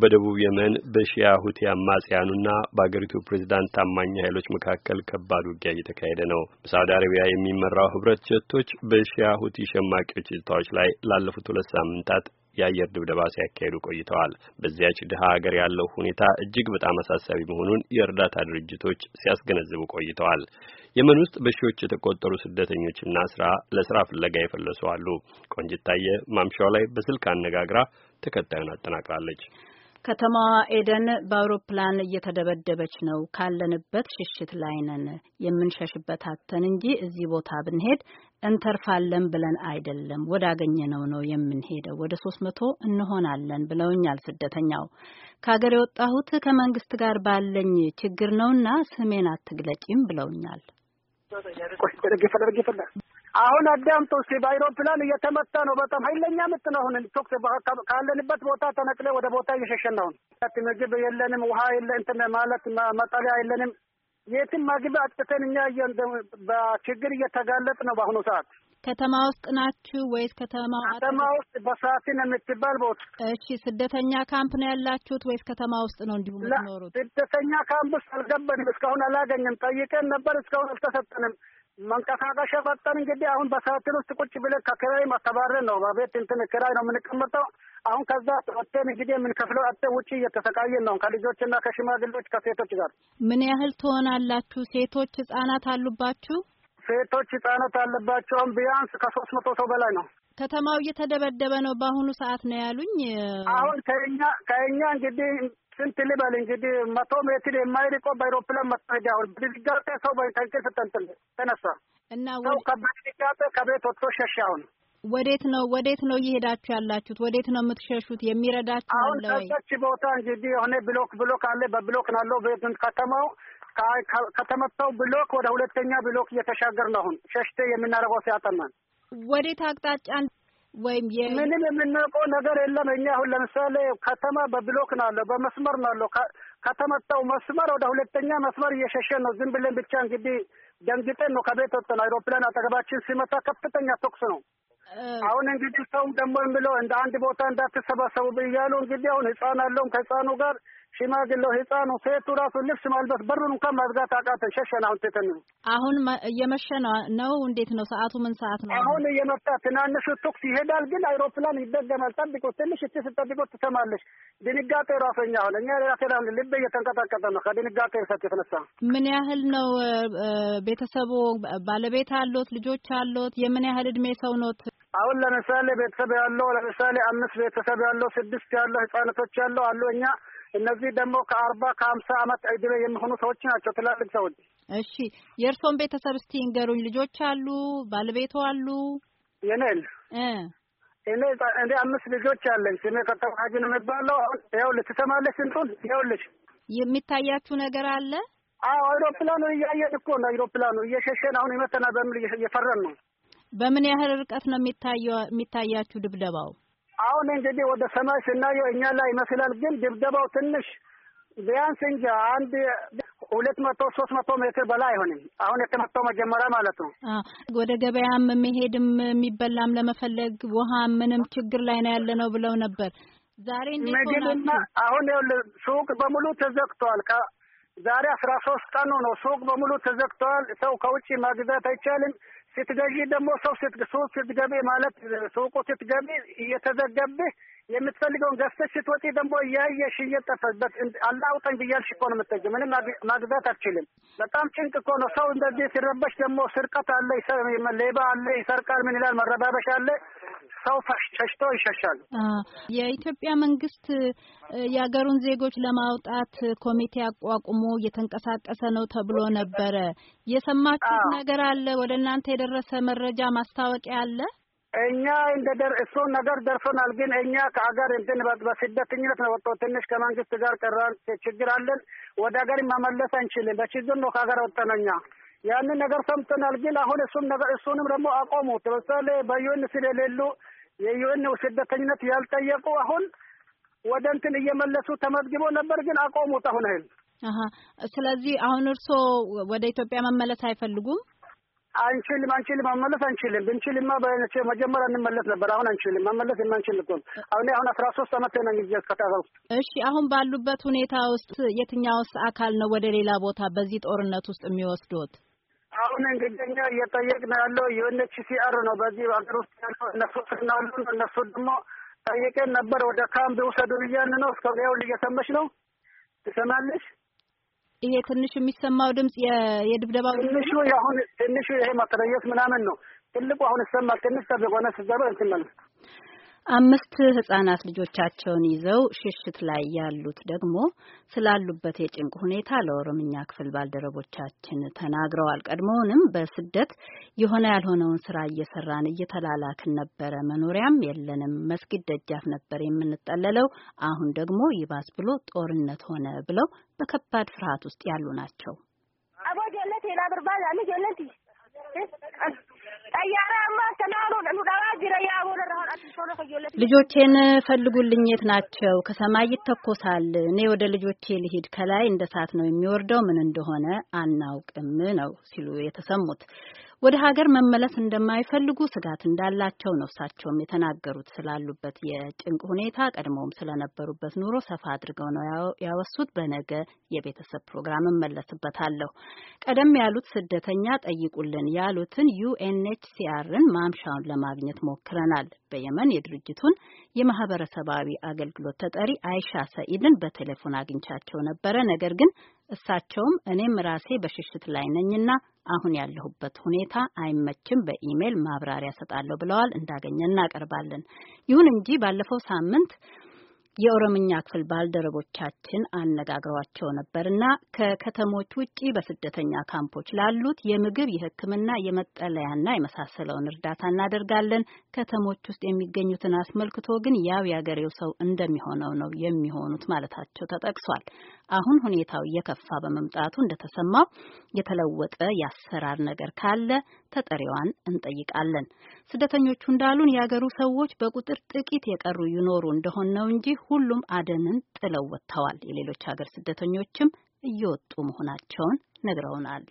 በደቡብ የመን በሺያ ሁቲ አማጽያኑና በአገሪቱ ፕሬዝዳንት ታማኝ ኃይሎች መካከል ከባድ ውጊያ እየተካሄደ ነው። በሳውዲ አረቢያ የሚመራው ህብረት ጀቶች በሺያ ሁቲ ሸማቂዎች ጅታዎች ላይ ላለፉት ሁለት ሳምንታት የአየር ድብደባ ሲያካሂዱ ቆይተዋል። በዚያች ድሃ ሀገር ያለው ሁኔታ እጅግ በጣም አሳሳቢ መሆኑን የእርዳታ ድርጅቶች ሲያስገነዝቡ ቆይተዋል። የመን ውስጥ በሺዎች የተቆጠሩ ስደተኞችና ስራ ለስራ ፍለጋ የፈለሱ አሉ። ቆንጅታየ ማምሻው ላይ በስልክ አነጋግራ ተከታዩን አጠናቅራለች። ከተማዋ ኤደን በአውሮፕላን እየተደበደበች ነው። ካለንበት ሽሽት ላይ ነን። የምንሸሽበት አተን እንጂ እዚህ ቦታ ብንሄድ እንተርፋለን ብለን አይደለም። ወዳገኘነው ነው የምንሄደው። ወደ ሶስት መቶ እንሆናለን ብለውኛል ስደተኛው። ከሀገር የወጣሁት ከመንግስት ጋር ባለኝ ችግር ነውና ስሜን አትግለጪም ብለውኛል። አሁን አዳምጡ እስኪ በአይሮፕላን እየተመታ ነው። በጣም ኃይለኛ ምት ነው። አሁን ቶክስ ካለንበት ቦታ ተነቅለ ወደ ቦታ እየሸሸን ነው። ምግብ የለንም፣ ውሃ የለን፣ እንትን ማለት መጠለያ የለንም። የትም ምግብ አጥተን እኛ በችግር እየተጋለጥ ነው በአሁኑ ሰዓት። ከተማ ውስጥ ናችሁ ወይስ ከተማ ከተማ ውስጥ በሳትን የምትባል ቦታ? እሺ ስደተኛ ካምፕ ነው ያላችሁት ወይስ ከተማ ውስጥ ነው እንዲሁ የምትኖሩት? ስደተኛ ካምፕ ውስጥ አልገባንም። እስካሁን አላገኘም። ጠይቀን ነበር፣ እስካሁን አልተሰጠንም። መንቀሳቀሻ ፈጠን እንግዲህ አሁን በሳትን ውስጥ ቁጭ ብለን ከክራይ አስተባረን ነው በቤት እንትን ክራይ ነው የምንቀመጠው። አሁን ከዛ ወጥተን እንግዲህ የምንከፍለው አጥተን ውጭ እየተሰቃየን ነው ከልጆችና ከሽማግሌዎች ከሴቶች ጋር። ምን ያህል ትሆናላችሁ? ሴቶች ህጻናት አሉባችሁ? ሴቶች ህጻናት አለባቸው። አሁን ቢያንስ ከሶስት መቶ ሰው በላይ ነው። ከተማው እየተደበደበ ነው በአሁኑ ሰዓት ነው ያሉኝ። አሁን ከኛ ከኛ እንግዲህ ስንት ልበል እንግዲህ መቶ ሜትር የማይርቀው በአይሮፕላን መታወጃ አሁን በድንጋጤ ሰው በእንቅልፍ ተንጥል ተነሳ እና ሰው በድንጋጤ ከቤት ወጥቶ ሸሸ። አሁን ወዴት ነው ወዴት ነው እየሄዳችሁ ያላችሁት? ወዴት ነው የምትሸሹት? የሚረዳችሁ አሁን ከዛች ቦታ እንግዲህ የሆነ ብሎክ ብሎክ አለ። በብሎክ ናለው ከተማው ከተመታው ብሎክ ወደ ሁለተኛ ብሎክ እየተሻገር ነው አሁን ሸሽቴ የምናደርገው ሲያጠናን ወዴት አቅጣጫ ወይም ምንም የምናውቀው ነገር የለም። እኛ አሁን ለምሳሌ ከተማ በብሎክ ነው አለው በመስመር ነው አለው ከተመጣው መስመር ወደ ሁለተኛ መስመር እየሸሸ ነው። ዝም ብለን ብቻ እንግዲህ ደንግጠን ነው ከቤት ወጥተን። አይሮፕላን አጠገባችን ሲመታ ከፍተኛ ተኩስ ነው። አሁን እንግዲህ ሰውም ደግሞ የምለው እንደ አንድ ቦታ እንዳትሰባሰቡ እያሉ እንግዲህ አሁን ህፃን አለውም ከህፃኑ ጋር ሽማግሌው፣ ህፃኑ፣ ሴቱ ራሱ ልብስ ማልበስ በሩን እንኳን ማዝጋት አቃተን። ሸሸን። አሁን ትትን አሁን እየመሸ ነው። እንዴት ነው ሰዓቱ? ምን ሰዓት ነው? አሁን እየመጣ ትናንሹ ቶክስ ይሄዳል፣ ግን አይሮፕላን ይደገማል። ጠብቆ ትንሽ እቲ ስጠብቆ ትሰማለች። ድንጋጤ ራሰኛ አሁን እኛ ራሴን ልብ እየተንቀጠቀጠ ነው ከድንጋጤ እርሳት የተነሳ። ምን ያህል ነው ቤተሰቡ? ባለቤት አሎት? ልጆች አሎት? የምን ያህል እድሜ ሰው ኖት? አሁን ለምሳሌ ቤተሰብ ያለው ለምሳሌ አምስት ቤተሰብ ያለው ስድስት ያለው ህጻነቶች ያለው አሉ። እኛ እነዚህ ደግሞ ከአርባ ከአምሳ አመት እድሜ የሚሆኑ ሰዎች ናቸው፣ ትላልቅ ሰዎች። እሺ የእርሶን ቤተሰብ እስቲ እንገሩኝ። ልጆች አሉ? ባለቤቱ አሉ? የኔን እኔ እኔ አምስት ልጆች አለኝ። ስሜ ከተዋጅ ነው የሚባለው። አሁን ይኸውልሽ ትሰማለሽ፣ ስንቱን ይኸውልሽ፣ የሚታያችሁ ነገር አለ። አዎ አይሮፕላኑ እያየን እኮ ነው። አይሮፕላኑ እየሸሸን አሁን ይመተናል በሚል እየፈረን ነው በምን ያህል ርቀት ነው የሚታያችሁ ድብደባው? አሁን እንግዲህ ወደ ሰማይ ስናየው እኛ ላይ ይመስላል፣ ግን ድብደባው ትንሽ ቢያንስ እንጂ አንድ ሁለት መቶ ሶስት መቶ ሜትር በላይ አይሆንም። አሁን የተመታው መጀመሪያ ማለት ነው። ወደ ገበያም መሄድም የሚበላም ለመፈለግ ውሃ ምንም ችግር ላይ ነው ያለ ነው ብለው ነበር። ዛሬ ምግብና አሁን ሱቅ በሙሉ ተዘግቷል። ዛሬ አስራ ሶስት ቀኑ ነው። ሱቅ በሙሉ ተዘግተዋል። ሰው ከውጭ ማግዛት አይቻልም። ስትገዢ ደግሞ ሰው ሱቅ ስትገቢ ማለት ሱቁ ስትገቢ እየተዘገብህ የምትፈልገውን ገዝተሽ ስትወጪ ደግሞ እያየሽ እየጠፈበት አላውጠኝ ብያለሽ እኮ ነው የምትጠጊ። ምንም ማግዛት አትችልም። በጣም ጭንቅ እኮ ነው። ሰው እንደዚህ ሲረበሽ ደግሞ ስርቀት አለ፣ ሌባ አለ፣ ይሰርቃል። ምን ይላል? መረባበሽ አለ። ሰው ሸሽቶ ይሸሻል። የኢትዮጵያ መንግስት የሀገሩን ዜጎች ለማውጣት ኮሚቴ አቋቁሞ እየተንቀሳቀሰ ነው ተብሎ ነበረ። የሰማችሁት ነገር አለ? ወደ እናንተ የደረሰ መረጃ ማስታወቂያ አለ? እኛ እንደ ደር እሱ ነገር ደርሶናል። ግን እኛ ከሀገር እንትን በስደተኝነት ነው ወጥቶ ትንሽ ከመንግስት ጋር ቀራን ችግር አለን። ወደ ሀገር መመለስ አንችልም። በችግር ነው ከሀገር ወጠነኛ ያንን ነገር ሰምተናል። ግን አሁን እሱም ነገር እሱንም ደግሞ አቆሙት። ለምሳሌ በዩን ስለሌሉ የዩኤንው ስደተኝነት ያልጠየቁ አሁን ወደ እንትን እየመለሱ ተመዝግቦ ነበር፣ ግን አቆሙት አሁን አይል ስለዚህ አሁን እርስዎ ወደ ኢትዮጵያ መመለስ አይፈልጉም? አንችልም፣ አንችልም፣ መመለስ አንችልም። ብንችልማ በመጀመሪያ እንመለስ ነበር። አሁን አንችልም፣ መመለስ የማንችል እኮ አሁን አሁን አስራ ሶስት አመት ነ ጊዜ ውስጥ እሺ፣ አሁን ባሉበት ሁኔታ ውስጥ የትኛውስ አካል ነው ወደ ሌላ ቦታ በዚህ ጦርነት ውስጥ የሚወስዶት? አሁን እንግዲህ እየጠየቅ ነው ያለው ዩኤንኤችሲአር ነው። በዚህ ሀገር ውስጥ ያለው እነሱ ስናሉ እነሱ ደግሞ ጠይቀን ነበር። ወደ ካምብ ውሰዱ ብያን ነው። እስከ ሁን እየሰመች ነው ትሰማለች። ይሄ ትንሽ የሚሰማው ድምጽ የድብደባ ትንሹ አሁን ትንሹ ይሄ ማትረየስ ምናምን ነው። ትልቁ አሁን ይሰማል። ትንሽ ተብቆነ ስዘበ እንትመልስ አምስት ህጻናት ልጆቻቸውን ይዘው ሽሽት ላይ ያሉት ደግሞ ስላሉበት የጭንቅ ሁኔታ ለኦሮምኛ ክፍል ባልደረቦቻችን ተናግረዋል። ቀድሞውንም በስደት የሆነ ያልሆነውን ስራ እየሰራን እየተላላክን ነበረ። መኖሪያም የለንም። መስጊድ ደጃፍ ነበር የምንጠለለው። አሁን ደግሞ ይባስ ብሎ ጦርነት ሆነ ብለው በከባድ ፍርሃት ውስጥ ያሉ ናቸው። ልጆቼን ፈልጉልኝ፣ የት ናቸው? ከሰማይ ይተኮሳል። እኔ ወደ ልጆቼ ልሂድ። ከላይ እንደ እሳት ነው የሚወርደው። ምን እንደሆነ አናውቅም ነው ሲሉ የተሰሙት ወደ ሀገር መመለስ እንደማይፈልጉ ስጋት እንዳላቸው ነው እሳቸውም የተናገሩት። ስላሉበት የጭንቅ ሁኔታ ቀድሞውም ስለነበሩበት ኑሮ ሰፋ አድርገው ነው ያወሱት። በነገ የቤተሰብ ፕሮግራም እመለስበታለሁ። ቀደም ያሉት ስደተኛ ጠይቁልን ያሉትን ዩኤንኤችሲአርን ማምሻውን ለማግኘት ሞክረናል። በየመን የድርጅቱን የማህበረሰባዊ አገልግሎት ተጠሪ አይሻ ሰኢድን በቴሌፎን አግኝቻቸው ነበረ። ነገር ግን እሳቸውም እኔም ራሴ በሽሽት ላይ ነኝና አሁን ያለሁበት ሁኔታ አይመችም፣ በኢሜይል ማብራሪያ ሰጣለሁ ብለዋል። እንዳገኘ እናቀርባለን። ይሁን እንጂ ባለፈው ሳምንት የኦሮምኛ ክፍል ባልደረቦቻችን አነጋግሯቸው ነበርና ከከተሞች ውጪ በስደተኛ ካምፖች ላሉት የምግብ፣ የሕክምና፣ የመጠለያና የመሳሰለውን እርዳታ እናደርጋለን። ከተሞች ውስጥ የሚገኙትን አስመልክቶ ግን ያው የአገሬው ሰው እንደሚሆነው ነው የሚሆኑት ማለታቸው ተጠቅሷል። አሁን ሁኔታው እየከፋ በመምጣቱ እንደተሰማው የተለወጠ የአሰራር ነገር ካለ ተጠሪዋን እንጠይቃለን። ስደተኞቹ እንዳሉን የአገሩ ሰዎች በቁጥር ጥቂት የቀሩ ይኖሩ እንደሆን ነው እንጂ ሁሉም አደንን ጥለው ወጥተዋል። የሌሎች ሀገር ስደተኞችም እየወጡ መሆናቸውን ነግረውናል።